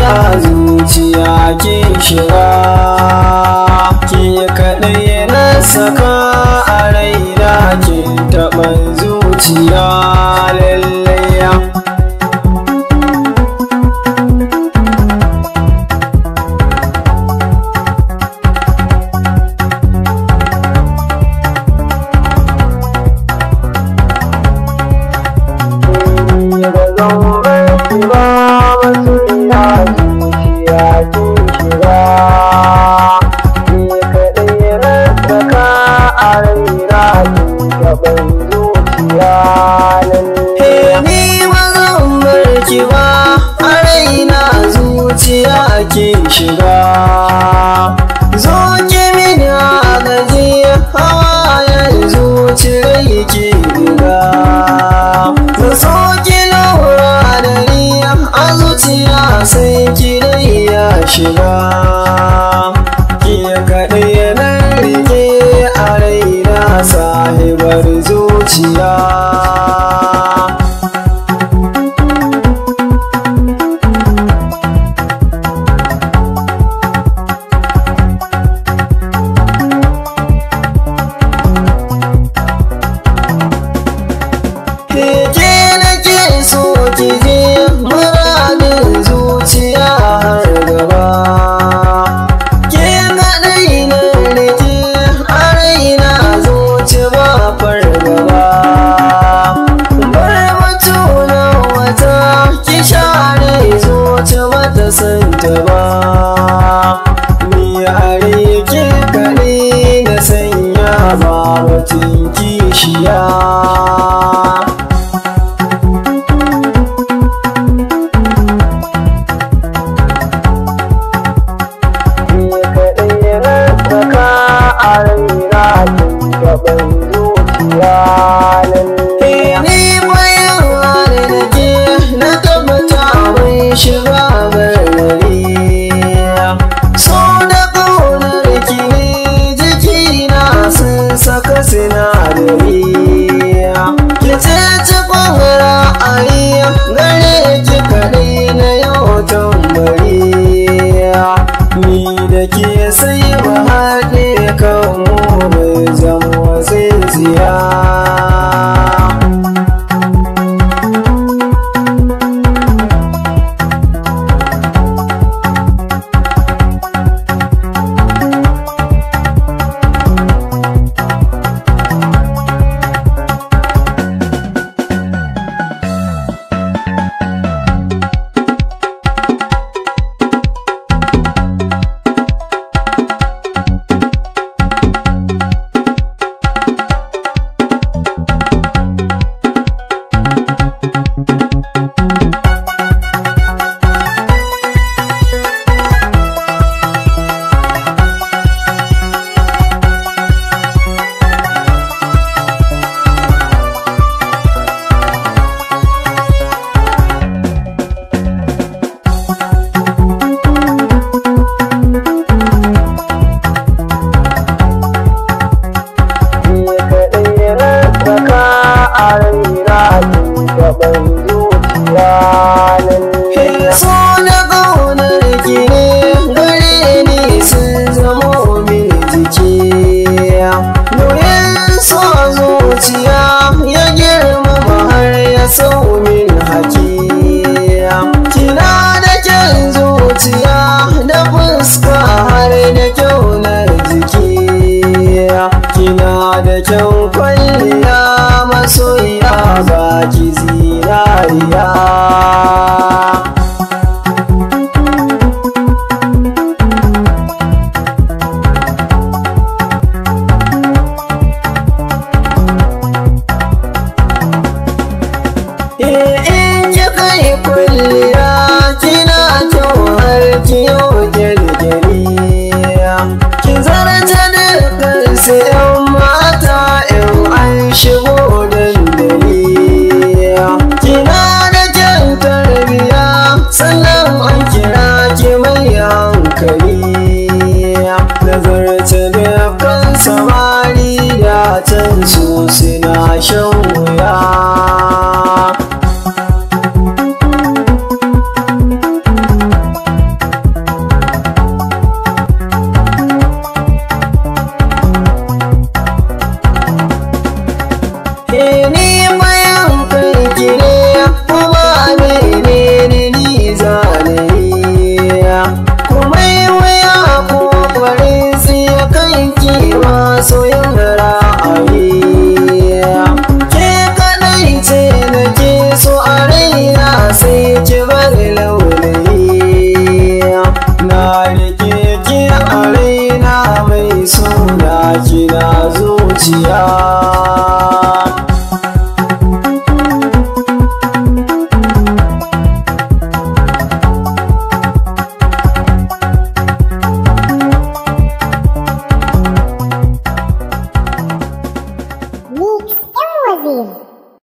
a zuciya ki shiga ki kaɗai na saka a raina ki taɓa zuciya lallaya faɗin zuciya nan ni ba zan barki ba a raina zuciya ke shiga zo ki mini a gaji hawayen zuciya ke riga zo lura da a zuciya sai ki ya shiga harami ki ce ci kwan ra'ayi gare Ya. an kira ki mai hankali da dukkan samari da can su suna shan wuya ni mayan kai kire kuma ne ki a raina mai suna kina zuciya